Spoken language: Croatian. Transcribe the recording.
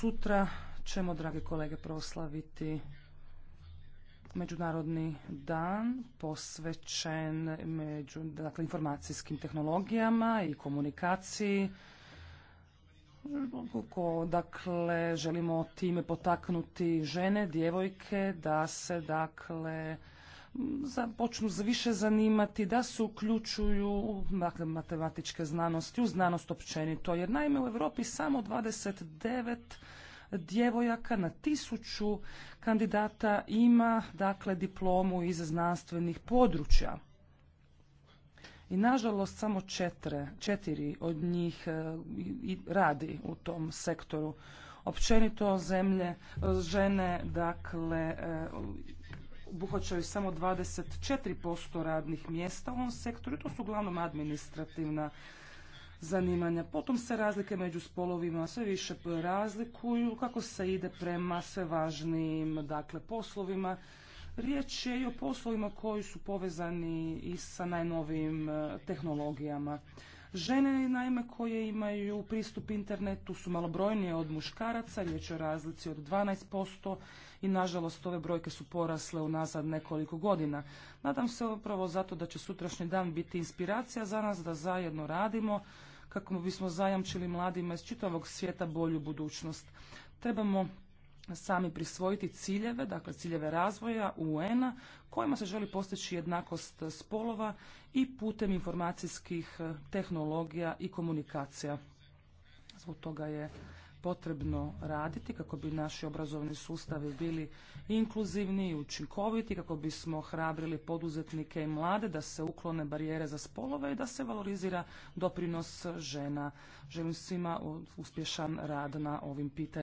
Sutra ćemo, drage kolege, proslaviti Međunarodni dan posvećen dakle, informacijskim tehnologijama i komunikaciji. dakle, želimo time potaknuti žene, djevojke da se dakle počnu više zanimati, da se uključuju dakle, matematičke znanosti, u znanost općenito. Jer naime u Europi samo 29 djevojaka na tisuću kandidata ima dakle diplomu iz znanstvenih područja. I nažalost samo četiri od njih e, i radi u tom sektoru. Općenito zemlje, e, žene, dakle, e, obuhvaćaju samo 24% radnih mjesta u ovom sektoru i to su uglavnom administrativna zanimanja. Potom se razlike među spolovima sve više razlikuju kako se ide prema sve važnijim dakle, poslovima. Riječ je i o poslovima koji su povezani i sa najnovijim eh, tehnologijama. Žene, naime, koje imaju pristup internetu su malobrojnije od muškaraca, riječ je o razlici od 12% i nažalost ove brojke su porasle unazad nekoliko godina. Nadam se upravo zato da će sutrašnji dan biti inspiracija za nas da zajedno radimo kako bismo zajamčili mladima iz čitavog svijeta bolju budućnost. Trebamo sami prisvojiti ciljeve, dakle ciljeve razvoja UN-a kojima se želi postići jednakost spolova i putem informacijskih e, tehnologija i komunikacija. Zbog toga je potrebno raditi kako bi naši obrazovni sustavi bili inkluzivni i učinkoviti, kako bismo hrabrili poduzetnike i mlade da se uklone barijere za spolove i da se valorizira doprinos žena. Želim svima uspješan rad na ovim pitanjima.